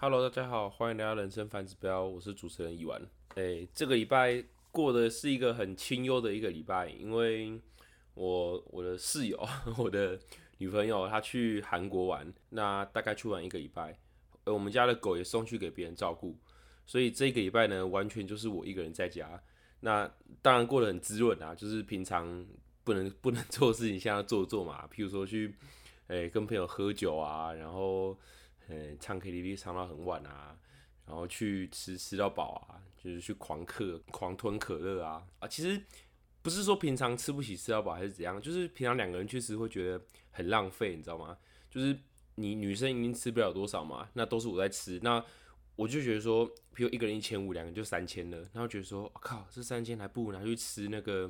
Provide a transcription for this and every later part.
Hello，大家好，歡迎來到人生反指標，我是主持人伊完。哎、欸，這個禮拜過的是一個很清幽的一個禮拜，因為我我的室友、我的女朋友她去韓國玩,那大概去玩一個禮拜，而我們家的狗也送去給別人照顧，所以這個禮拜呢，完全就是我一個人在家。那當然過得很滋潤啊，就是平常不能不能做的事情，現在做做嘛，譬如說去哎、欸、跟朋友喝酒啊，然後。嗯，唱 KTV 唱到很晚啊，然後去吃吃到飽啊，就是去狂嗑、狂吞可樂啊啊！其實不是說平常吃不起吃到飽還是怎樣，就是平常兩個人確實會覺得很浪費，你知道嗎？就是你女生已經吃不了多少嘛，那都是我在吃，那我就覺得說，比如一個人一千五，兩個人就三千了，然後覺得說，我、啊、靠，這三千還不如拿去吃那個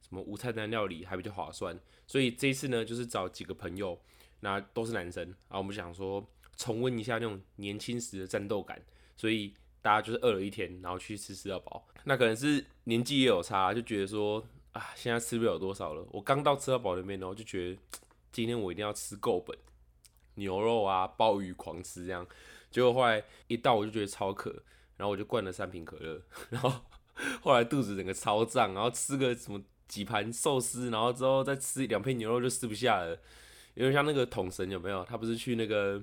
什麼無菜單料理還比較划算，所以這一次呢，就是找幾個朋友，那都是男生啊，我們想說。重溫一下那種年輕時的戰鬥感，所以大家就是餓了一天，然後去吃吃到飽。那可能是年紀也有差，啊，就覺得說啊，現在吃不了多少了。我剛到吃到飽那邊，然後就覺得今天我一定要吃夠本，牛肉啊、鮑魚狂吃這樣。結果後來一到我就覺得超渴，然後我就灌了三瓶可樂，然後後來肚子整個超脹，然後吃個什麼幾盤壽司，然後之後再吃兩片牛肉就吃不下了。因為像那個統神有沒有？他不是去那個。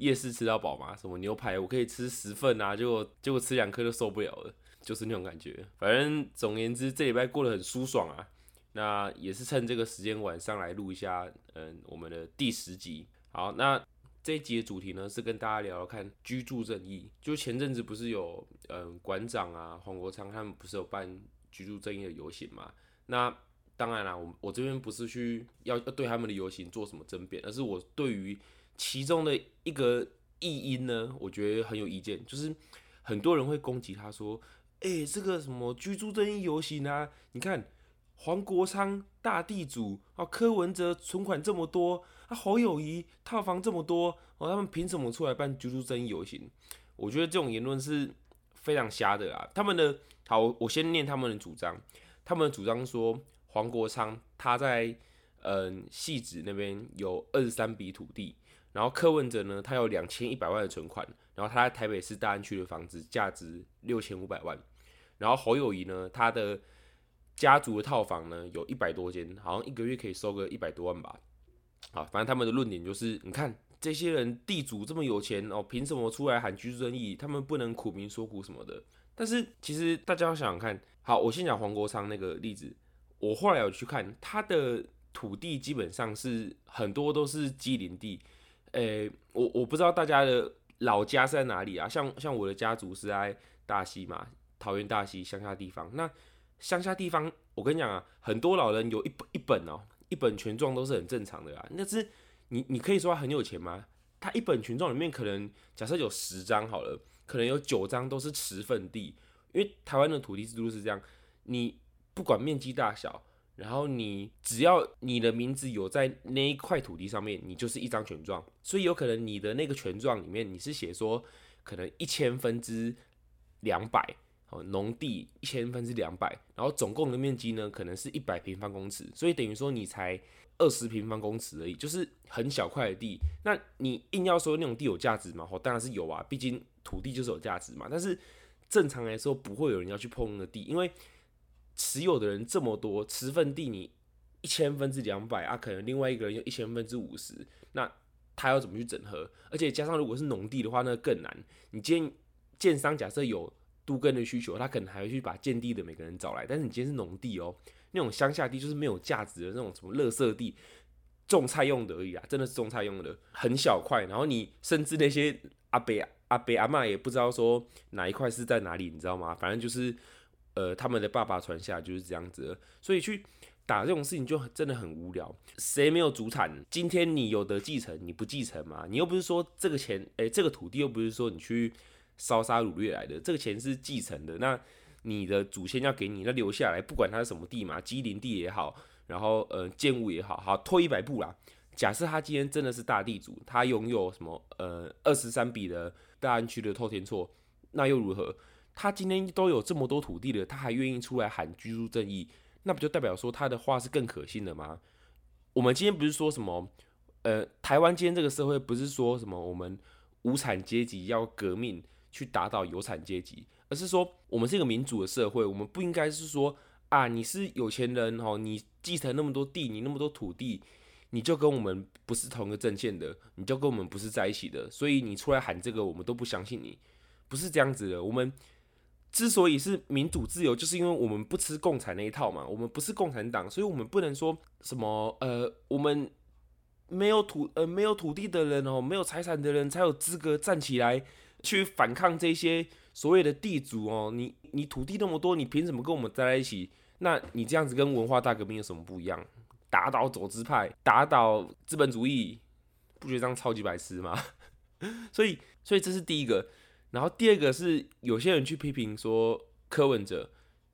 夜市吃到飽嘛？什麼牛排，我可以吃十份啊！結果結果吃兩顆就受不了了，就是那種感覺。反正總而言之，這禮拜過得很舒爽啊。那也是趁這個時間，晚上來錄一下，嗯，我們的第十集。好，那這一集的主題呢，是跟大家聊聊看居住正義。就前陣子不是有，嗯，館長啊，黃國昌他們不是有辦居住正義的遊行嘛？那當然啦、啊，我我這邊不是去要要對他們的遊行做什麼爭辯，而是我對於。其中的一個異音呢，我覺得很有意見，就是很多人會攻擊他說：“誒、欸，這個什麼居住正義遊行啊？你看黃國昌大地主啊，柯文哲存款這麼多，啊，侯友宜套房這麼多，哦、啊，他們憑什麼出來辦居住正義遊行？”我覺得這種言論是非常瞎的啊！他們的好，我先念他們的主張。他們的主張說，黃國昌他在嗯，汐止那邊有二十三筆土地。然後柯文哲呢，他有兩千一百萬的存款，然後他在台北市大安區的房子價值六千五百萬，然後侯友宜呢，他的家族的套房呢有一百多間，好像一個月可以收個一百多萬吧。好，反正他們的論點就是，你看這些人地主這麼有錢哦，憑什麼出來喊居住正義？他們不能苦民說苦什麼的。但是其實大家要想想看，好，我先講黃國昌那個例子，我後來有去看他的土地，基本上是很多都是畸零地。誒、欸，我我不知道大家的老家是在哪裡啊？像像我的家族是在大溪嘛，桃園大溪鄉下地方。那鄉下地方，我跟你講啊，很多老人有一一本哦，一本權狀都是很正常的啊。那是你你可以說他很有錢嗎？他一本權狀裡面可能假設有十張好了，可能有九張都是持份地，因為台灣的土地制度是這樣，你不管面積大小。然後你只要你的名字有在那一塊土地上面，你就是一張權狀。所以有可能你的那個權狀裡面，你是寫說可能一千分之兩百哦，農地一千分之兩百，然後總共的面積呢，可能是一百平方公尺。所以等於說你才二十平方公尺而已，就是很小塊的地。那你硬要說那種地有價值嗎？哦，當然是有啊，畢竟土地就是有價值嘛。但是正常來說，不會有人要去碰那個地，因為。持有的人這麼多，持分地，你一千分之兩百啊，可能另外一個人有一千分之五十，那他要怎麼去整合？而且加上如果是農地的話，那更難。你建建商假設有都更的需求，他可能還會去把建地的每個人找來，但是你今天是農地哦，那種鄉下地就是沒有價值的那種，什麼垃圾地，種菜用的而已啊，真的是種菜用的，很小塊。然後你甚至那些阿伯、阿伯、阿嬤，也不知道說哪一塊是在哪裡，你知道嗎？反正就是。呃，他們的爸爸傳下就是這樣子，所以去打這種事情就真的很無聊。誰沒有祖產？今天你有得繼承，你不繼承嗎？你又不是說這個錢，誒、欸，這個土地又不是說你去燒殺擄掠來的，這個錢是繼承的。那你的祖先要給你，那留下來，不管他是什麼地嘛，畸零地也好，然後呃，建物也好，好，退一百步啦。假設他今天真的是大地主，他擁有什麼呃二十三筆的大安區的透天厝。那又如何？他今天都有這麼多土地了，他還願意出來喊居住正義，那不就代表說他的話是更可信的嗎？我們今天不是說什麼，呃，台灣今天這個社會不是說什麼我們無產階級要革命去打倒有產階級，而是說我們是一個民主的社會，我們不應該是說啊，你是有錢人哦，你繼承那麼多地，你那麼多土地，你就跟我們不是同一個陣線的，你就跟我們不是在一起的，所以你出來喊這個，我們都不相信你，不是這樣子的，我們。之所以是民主自由，就是因為我們不吃共產那一套嘛，我們不是共產黨，所以我們不能說什麼呃，我們沒有土呃沒有土地的人哦，沒有財產的人才有資格站起來去反抗這些所謂的地主哦，你你土地那麼多，你憑什麼跟我們站在一起？那你這樣子跟文化大革命有什麼不一樣？打倒走資派，打倒資本主義，不覺得這樣超級白痴嗎？所以所以這是第一個。然後第二個是有些人去批評說柯文哲，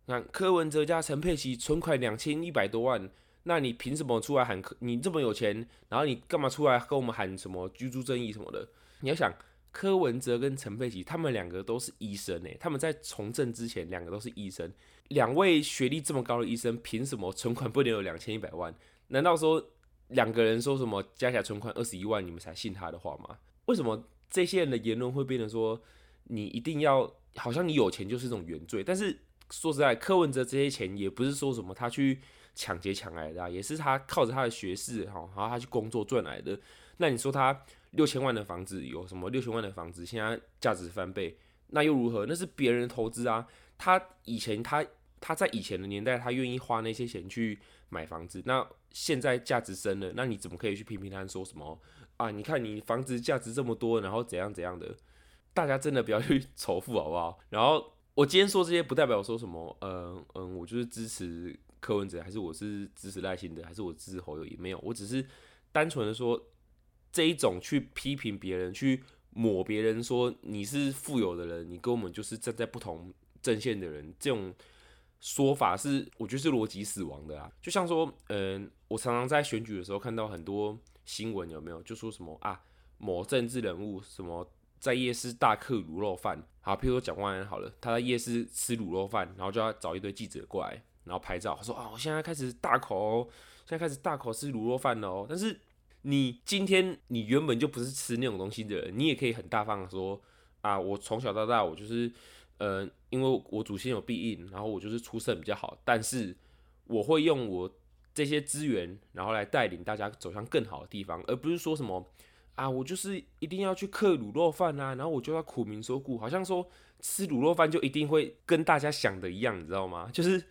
看柯文哲加陳佩琪存款兩千一百多萬，那你憑什麼出來喊？你這麼有錢，然後你幹嘛出來跟我們喊什麼居住正義什麼的？你要想，柯文哲跟陳佩琪他們兩個都是醫生呢，欸，他們在從政之前兩個都是醫生，兩位學歷這麼高的醫生，憑什麼存款不能有兩千一百萬？難道說兩個人說什麼加起來存款二十一萬，你們才信他的話嗎？為什麼這些人的言論會變成說？你一定要好像你有錢就是一種原罪，但是說實在，柯文哲這些錢也不是說什麼他去搶劫搶來的。啊，也是他靠着他的學士，好，然後他去工作賺來的。那你說他六千萬的房子有什麼？六千萬的房子現在價值翻倍，那又如何？那是別人投資啊。他以前他他在以前的年代，他願意花那些錢去買房子，那現在價值升了，那你怎麼可以去批評他說什麼啊？你看你房子價值這麼多，然後怎樣怎樣的？大家真的不要去仇富，好不好？然後我今天說這些，不代表說什麼，嗯嗯，我就是支持柯文哲，還是我是支持賴清德，還是我支持侯友宜？沒有，我只是單純的說這一種去批評別人，去抹別人，說你是富有的人，你跟我們就是站在不同陣線的人，這種說法是我覺得是邏輯死亡的啊！就像說，嗯，我常常在選舉的時候看到很多新聞，有沒有就說什麼啊？某政治人物什麼？在夜市大客滷肉飯，好，譬如說蔣萬安好了，他在夜市吃滷肉飯，然後就要找一堆記者過來，然後拍照。他說：“啊、哦，我現在開始大口，現在開始大口吃滷肉飯了哦。但是你今天你原本就不是吃那種東西的人，你也可以很大方的說：“啊，我從小到大我就是，呃，因為我祖先有庇蔭，然後我就是出身比較好，但是我會用我這些資源，然後來帶領大家走向更好的地方，而不是說什麼。”啊，我就是一定要去克滷肉飯啊，然後我就要苦民所苦，好像說吃滷肉飯就一定會跟大家想的一樣，你知道嗎？就是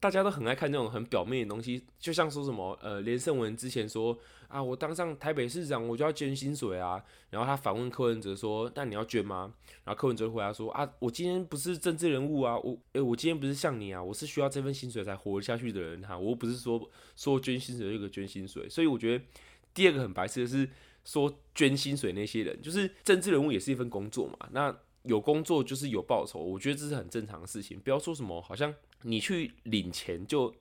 大家都很愛看那種很表面的東西，就像說什麼呃，連勝文之前說，啊，我當上台北市長，我就要捐薪水啊，然後他反問柯文哲說，那你要捐嗎？然後柯文哲回答說，啊，我今天不是政治人物啊，我誒、欸，我今天不是像你啊，我是需要這份薪水才活下去的人哈、啊，我又不是說說捐薪水就個、是、捐薪水，所以我覺得第二個很白痴的是。說捐薪水那些人，就是政治人物也是一份工作嘛。那有工作就是有報酬，我覺得這是很正常的事情，不要說什麼好像你去領錢就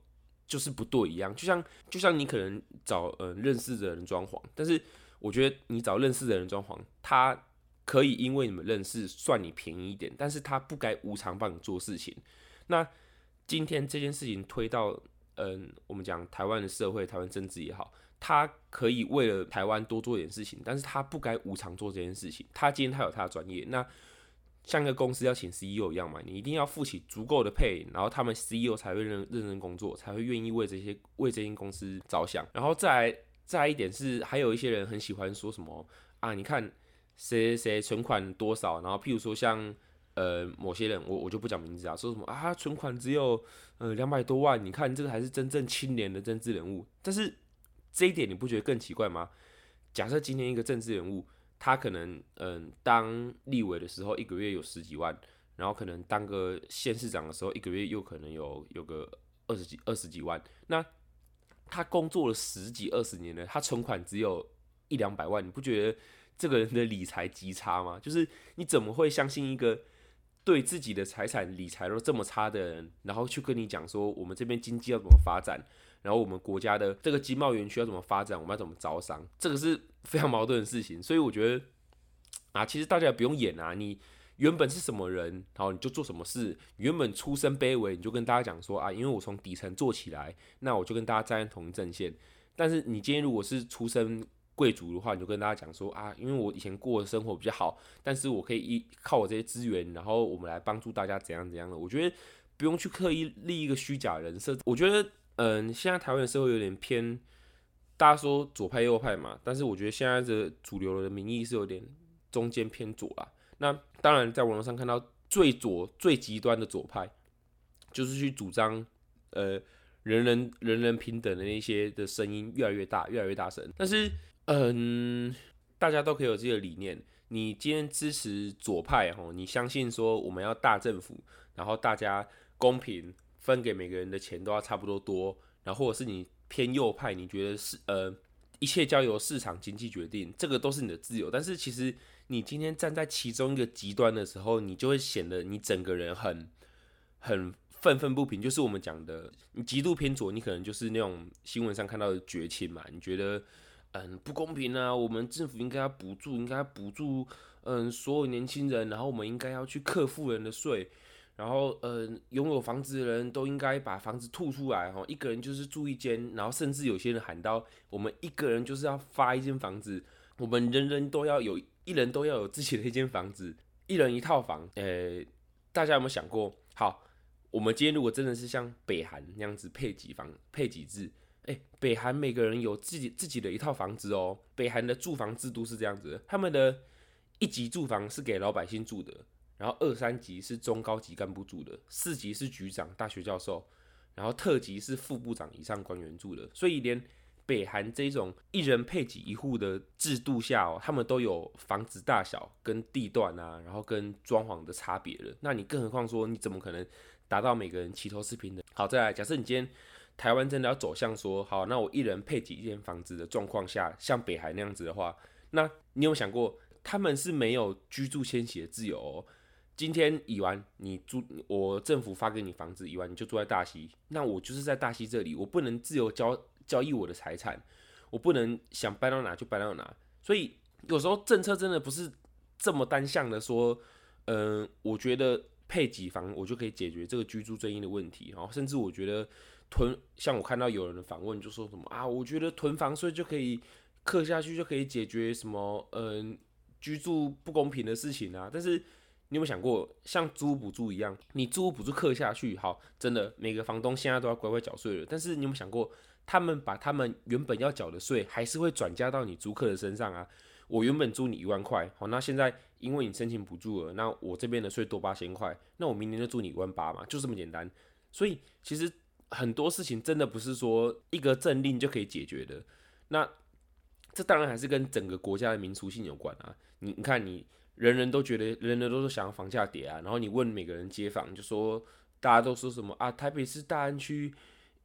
就是不對一樣。就像就像你可能找嗯認識的人裝潢，但是我覺得你找認識的人裝潢，他可以因為你們認識算你便宜一點，但是他不該無償幫你做事情。那今天這件事情推到嗯我們講台灣的社會，台灣政治也好。他可以為了台灣多做一點事情，但是他不該無償做這件事情。他今天他有他的專業，那像個公司要請 CEO 一樣嘛，你一定要付起足夠的 pay，然後他們 CEO 才會認認真工作，才會願意為這些為這些公司着想。然後再來再來一點是，還有一些人很喜歡說什麼啊，你看誰誰誰存款多少，然後譬如說像呃某些人，我我就不講名字啊，說什麼啊存款只有呃兩百多萬，你看這個才是真正清廉的政治人物，但是，這一點你不覺得更奇怪嗎？假設今天一個政治人物，他可能嗯當立委的時候一個月有十幾萬，然後可能當個縣市長的時候一個月又可能有有個二十幾二十幾萬，那他工作了十幾二十年了，他存款只有一兩百萬，你不覺得這個人的理財極差嗎？就是你怎麼會相信一個對自己的財產理財都這麼差的人，然後去跟你講說我們這邊經濟要怎麼發展？然後我們國家的這個經貿園區要怎麼發展？我們要怎麼招商？這個是非常矛盾的事情。所以我覺得，啊，其實大家也不用演啊，你原本是什麼人，然後你就做什麼事。原本出身卑微，你就跟大家講說啊，因為我從底層做起來，那我就跟大家站在同一陣線。但是你今天如果是出身貴族的話，你就跟大家講說啊，因為我以前過的生活比較好，但是我可以依靠我這些資源，然後我們來幫助大家怎樣怎樣的。我覺得不用去刻意立一個虛假人設，我覺得。嗯，現在台灣的社會有點偏，大家說左派右派嘛，但是我覺得現在的主流的民意是有點中間偏左啦。那當然，在網絡上看到最左、最極端的左派，就是去主張呃人人人人平等的那些的聲音越來越大，越來越大聲。但是，嗯，大家都可以有自己的理念。你今天支持左派，吼，你相信說我們要大政府，然後大家公平。分給每個人的錢都要差不多多，然後或者是你偏右派，你覺得是呃一切交由市場經濟決定，這個都是你的自由。但是其實你今天站在其中一個極端的時候，你就會顯得你整個人很很憤憤不平，就是我們講的你極度偏左，你可能就是那種新聞上看到的覺青嘛，你覺得嗯不公平啊，我們政府應該要補助，應該要補助嗯所有年輕人，然後我們應該要去課富人的稅。然後，呃，擁有房子的人都應該把房子吐出來哦。一個人就是住一間，然後甚至有些人喊到，我們一個人就是要發一間房子，我們人人都要有一人都要有自己的一間房子，一人一套房。誒，大家有沒有想過？好，我們今天如果真的是像北韓那樣子配給房，配給制，哎，北韓每個人有自己自己的一套房子哦，北韓的住房制度是這樣子，他們的一級住房是給老百姓住的。然後二三級是中高級幹部住的，四級是局長、大學教授，然後特級是副部長以上官員住的。所以，連北韓這種一人配給一戶的制度下哦，他們都有房子大小跟地段啊，然後跟裝潢的差別了。那你更何況說，你怎麼可能達到每個人齊頭式平的？好，再來，假設你今天台灣真的要走向說好，那我一人配給一間房子的狀況下，像北韓那樣子的話，那你有想過他們是沒有居住遷徙的自由哦？今天已完，你租我政府發給你房子，已完，你就住在大溪，那我就是在大溪這裡，我不能自由交交易我的財產，我不能想搬到哪就搬到哪，所以有時候政策真的不是這麼單向的說，嗯、呃，我覺得配給房我就可以解決這個居住正義的問題，然後甚至我覺得囤，像我看到有人的訪問就說什麼啊，我覺得囤房稅就可以課下去就可以解決什麼嗯、呃，居住不公平的事情啊，但是。你有沒有想過，像租屋補助一樣，你租屋補助課下去，好，真的每個房東現在都要乖乖繳稅了。但是你有沒有想過，他們把他們原本要繳的稅，還是會轉嫁到你租客的身上啊？我原本租你一萬塊，好，那現在因為你申請補助了，那我這邊的稅多八千塊，那我明年就租你一萬八嘛，就這麼簡單。所以其實很多事情真的不是說一個政令就可以解決的。那這當然還是跟整個國家的民族性有關啊。你你看你。人人都覺得，人人都說想要房價跌啊，然後你問每個人街坊，就說大家都說什麼啊？台北市大安區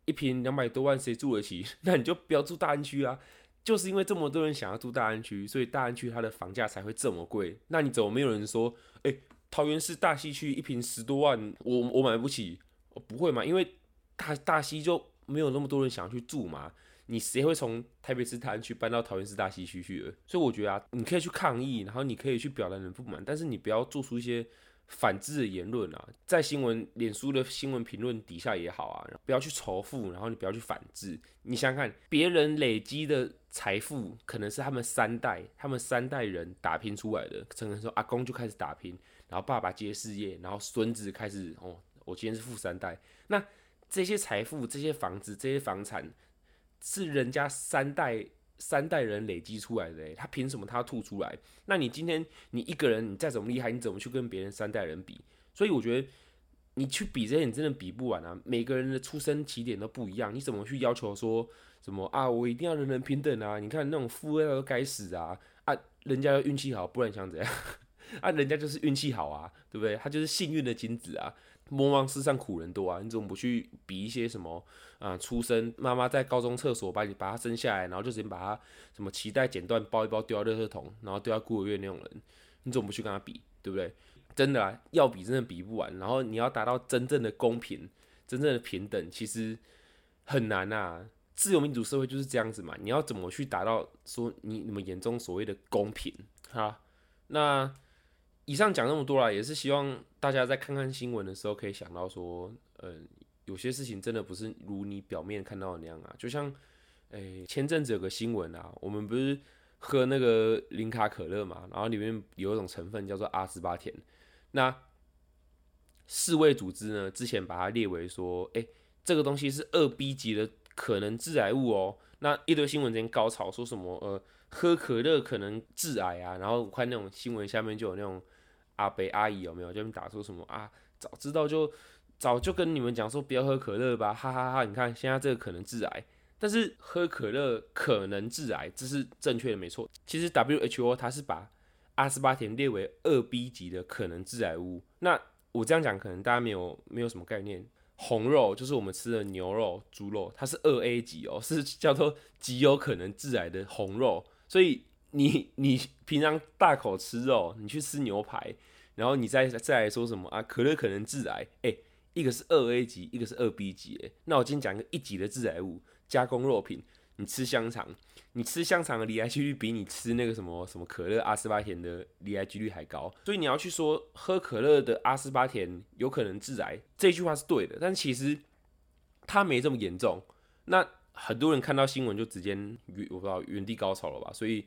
一坪兩百多萬，誰住得起？那你就不要住大安區啊！就是因為這麼多人想要住大安區，所以大安區它的房價才會這麼貴。那你怎麼沒有人說，誒、欸，桃園市大溪區一坪十多萬我，我我買不起，我不會嘛？因為大大溪就沒有那麼多人想要去住嘛。你誰會從台北市大安區搬到桃園市大溪區去，去？所以我覺得啊，你可以去抗議，然後你可以去表達你的不滿，但是你不要做出一些反制的言論啊。在新聞、臉書的新聞評論底下也好啊，不要去仇富，然後你不要去反制。你想想看，別人累積的財富可能是他們三代、他們三代人打拼出來的。可能說阿公就開始打拼，然後爸爸接事業，然後孫子開始哦，我今天是富三代。那這些財富、這些房子、這些房產。是人家三代三代人累積出來的，他憑什麼他吐出來？那你今天你一個人，你再怎麼厲害，你怎麼去跟別人三代人比？所以我覺得你去比這些，你真的比不完啊！每個人的出生起點都不一樣，你怎麼去要求說什麼啊？我一定要人人平等啊？你看那種富二代都該死啊！啊，人家要運氣好，不然你想怎樣？ 啊，人家就是運氣好啊，對不對？他就是幸運的精子啊！莫忘世上苦人多啊！你怎麼不去比一些什麼啊？出生媽媽在高中廁所把你把他生下來，然後就直接把他什麼臍帶剪斷，包一包丟到垃圾桶，然後丟到孤兒院那種人，你怎麼不去跟他比？對不對？真的啊，要比真的比不完。然後你要達到真正的公平、真正的平等，其實很難吶、啊。自由民主社會就是這樣子嘛。你要怎麼去達到說你你們眼中所謂的公平？哈、啊，那。以上講那麼多啦，也是希望大家在看看新聞的時候可以想到說，嗯、呃，有些事情真的不是如你表面看到的那樣啊。就像，誒、欸，前陣子有個新聞啊，我們不是喝那個零卡可樂嘛，然後裡面有一種成分叫做阿斯巴甜，那世衛組織呢之前把它列為說，誒、欸，這個東西是二 B 級的可能致癌物哦、喔。那一堆新聞在高潮說什麼，呃，喝可樂可能致癌啊，然後我看那種新聞下面就有那種。阿北阿姨有沒有就打說什麼啊？早知道就早就跟你們講說不要喝可樂吧，哈哈哈！你看現在這個可能致癌，但是喝可樂可能致癌，這是正確的沒錯。其實 WHO 它是把阿斯巴甜列為二 B 級的可能致癌物。那我這樣講可能大家沒有沒有什麼概念。紅肉就是我們吃的牛肉、豬肉，它是二 A 級哦，是叫做極有可能致癌的紅肉，所以。你你平常大口吃肉，你去吃牛排，然後你再再來說什麼啊？可樂可能致癌？哎、欸，一個是二 A 級，一個是二 B 級。那我今天講一個一級的致癌物，加工肉品。你吃香腸，你吃香腸的罹癌幾率比你吃那個什麼什麼可樂阿斯巴甜的罹癌幾率還高。所以你要去說喝可樂的阿斯巴甜有可能致癌，這句話是對的，但其實它沒這麼嚴重。那很多人看到新聞就直接我不知道原地高潮了吧？所以。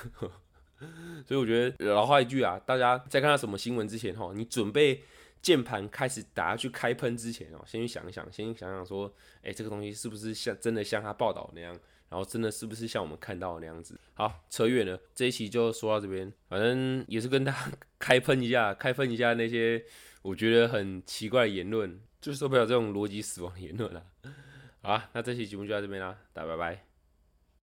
所以我覺得老話一句啊，大家在看到什麼新聞之前哈，你準備鍵盤開始打去開噴之前哦，先去想一想，先去想想說，哎、欸，這個東西是不是像真的像他報道那樣，然後真的是不是像我們看到的那樣子？好，扯遠了，這一期就說到這邊，反正也是跟他開噴一下，開噴一下那些我覺得很奇怪的言論，就受不了這種邏輯死亡的言論了、啊。好，那這期節目就到這邊啦，大家拜拜。